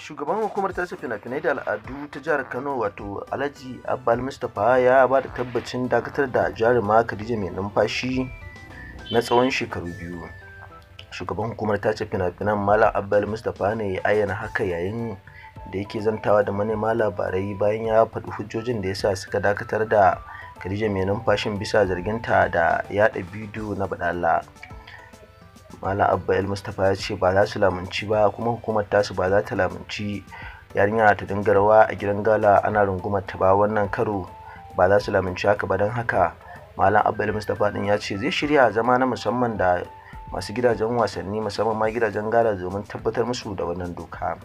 shugaban hukumar tasir fina-finai da al'adu ta jihar kano wato alhaji abbal mustapha ya ba da tabbacin dakatar da jaruma khadija mai numfashi na tsawon shekaru biyu shugaban hukumar tasir fina-finan malam abbal mustapha ne ya ayyana haka yayin da yake zantawa da manema labarai bayan ya faɗi hujjojin da ya sa suka dakatar da khadija mai numfashin bisa zargin ta da yaɗa bidiyo na badala malam abba el mustapha ya ce ba za su lamunci ba kuma hukumar tasu ba za ta lamunci yarinya ta dinga rawa a gidan gala ana rungumar ta ba wannan karo ba za su lamunci haka ba don haka malam abba el mustapha din ya ce zai shirya zama na musamman da masu gidajen wasanni musamman ma gidajen gala domin tabbatar musu da wannan doka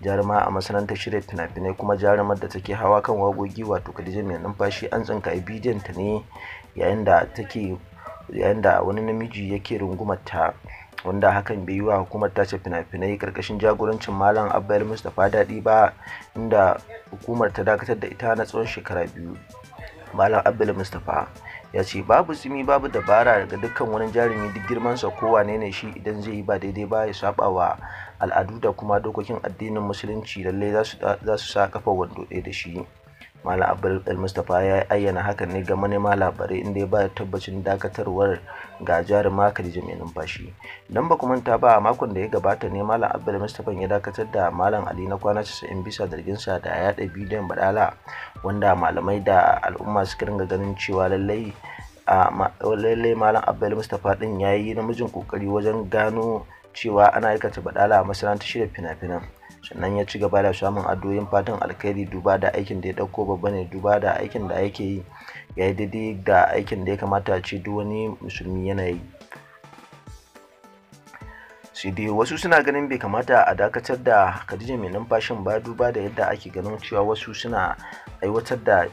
jaruma a masana'antar shirya fina-finai kuma jarumar da take hawa kan wagogi wato kadija mai numfashi an tsinka bidiyon ta ne yayin da take yayin da wani namiji yake rungumar ta wanda hakan bai yi wa hukumar tace fina-finai karkashin jagorancin malam abdul mustapha daɗi ba inda hukumar ta dakatar da ita na tsawon shekara biyu malam abdul mustapha ya ce babu tsimi babu dabara daga dukkan wani jarumi duk girmansa ko wane ne shi idan zai yi ba daidai ba ya saba wa al'adu da kuma dokokin addinin musulunci lallai za su sa kafa wando ɗaya da shi Malam Abdul Mustapha ya ayyana hakan ne ga manema labarai inda ya ba da tabbacin dakatarwar ga jaruma Khadija mai numfashi. Dan ba ta ba makon da ya gabata ne Malam Abdul Mustapha ya dakatar da Malam Ali na kwana 90 bisa sa da ya yaɗa bidiyon badala wanda malamai da al'umma suka ringa ganin cewa lallai lallai Malam Abdul Mustapha din ya yi namijin kokari wajen gano cewa ana aikata badala a masana'antar shirya fina-finan sannan ya ci gaba da samun addu'o'in fatan alkhairi duba da aikin da ya dauko babba ne duba da aikin da yake yi ya yi daidai da aikin da ya kamata a ce duk wani musulmi yana yi sai dai wasu suna ganin bai kamata a dakatar da khadija mai numfashin ba duba da yadda ake ganin cewa wasu suna aiwatar da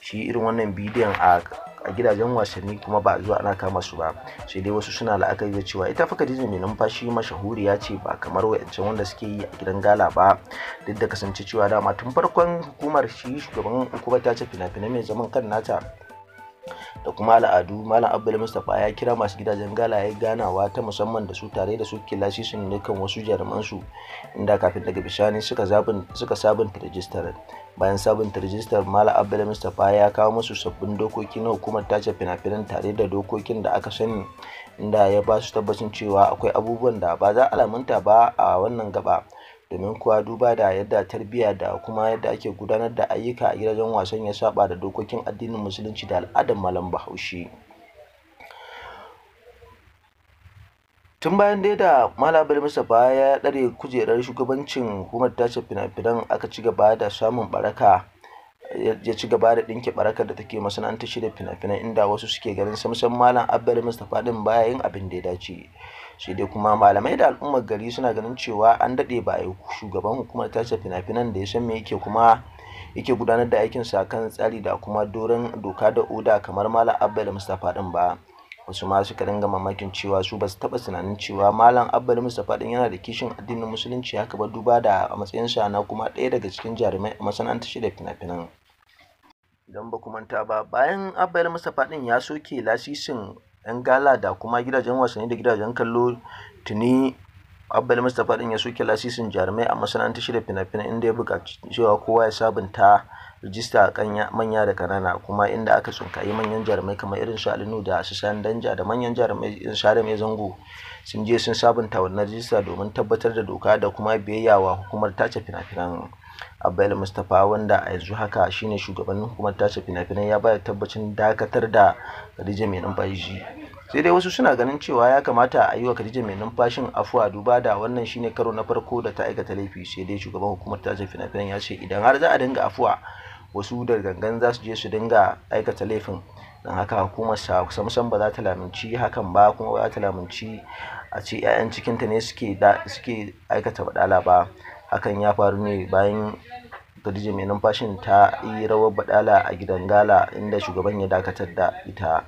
shi irin wannan bidiyon a a gidajen wasanni kuma ba zuwa ana kama su ba sai dai wasu suna la'akari da cewa ita fa dizi mai numfashi mashahuriya ce ba kamar wayancan wanda suke yi a gidan gala ba duk da kasance cewa dama tun farkon hukumar shi shugaban hukumar ta ce fina-finai mai zaman kan nata da kuma al'adu malam abdul mustapha ya kira masu gidajen galaye ganawa ta musamman da su tare da su ne nukan wasu jaruman su inda kafin daga bisani suka sabunta rijistar bayan sabunta rijistar malam abdul mustapha ya kawo musu sabbin dokoki na hukumar tace fina-finan tare da dokokin da aka sani inda ya ba su tabbacin cewa akwai abubuwan da ba za a lamunta ba a wannan gaba domin kuwa duba da yadda tarbiyya da kuma yadda ake gudanar da ayyuka a gidajen wasan ya saɓa da dokokin addinin musulunci da al'adar malam bahaushe tun bayan dai da malabar mustapha ya ɗare kujerar shugabancin hukumar tace fina-finan aka ci gaba da samun baraka. ya ci gaba da ɗinke barakar da take masana'antar shirya fina-finai inda wasu suke ganin samsan malam abdul mustapha din baya yin abin da ya dace sai dai kuma malamai da al'ummar gari suna ganin cewa an daɗe ba a yi shugaban hukumar tace fina-finan da ya san me yake kuma yake gudanar da aikin sa kan tsari da kuma doran doka da oda kamar malam abdul mustapha din ba wasu ma suka dinga mamakin cewa su ba su taɓa tunanin cewa malam abdul mustapha din yana da kishin addinin musulunci haka ba duba da matsayinsa na kuma ɗaya daga cikin jarumai masana'antar shirya fina-finan idan ba ku manta ba bayan abel masa faɗin ya soke lasisin yan gala da kuma gidajen wasanni da gidajen kallo tuni abbal mustapha din ya soke lasisin jarumai a masana'antar shirya fina-finai inda ya buƙaci cewa kowa ya sabunta rijista a kan manya da kanana kuma inda aka tsinkayi manyan jarumai kamar irin su alinu da su san danja da manyan jarumai in share mai zango sun je sun sabunta wannan rijista domin tabbatar da doka da kuma biyayya wa hukumar tace fina-finan abel mustapha wanda a yanzu haka shine shugaban hukumar tace fina-finan ya bayar tabbacin dakatar da rijimin mai numfashi sai dai wasu suna ganin cewa ya kamata a yi wa khadija mai numfashin afuwa duba da wannan shine karo na farko da ta aikata laifi sai dai shugaban hukumar ta fina-finan ya ce idan har za a dinga afuwa wasu da gangan za su je su dinga aikata laifin don haka hukumar sa samsan ba za ta lamunci hakan ba kuma ba za ta lamunci a ce 'ya'yan cikinta ne suke aikata badala ba hakan ya faru ne bayan Khadija mai numfashin ta yi rawar badala a gidan gala inda shugaban ya dakatar da ita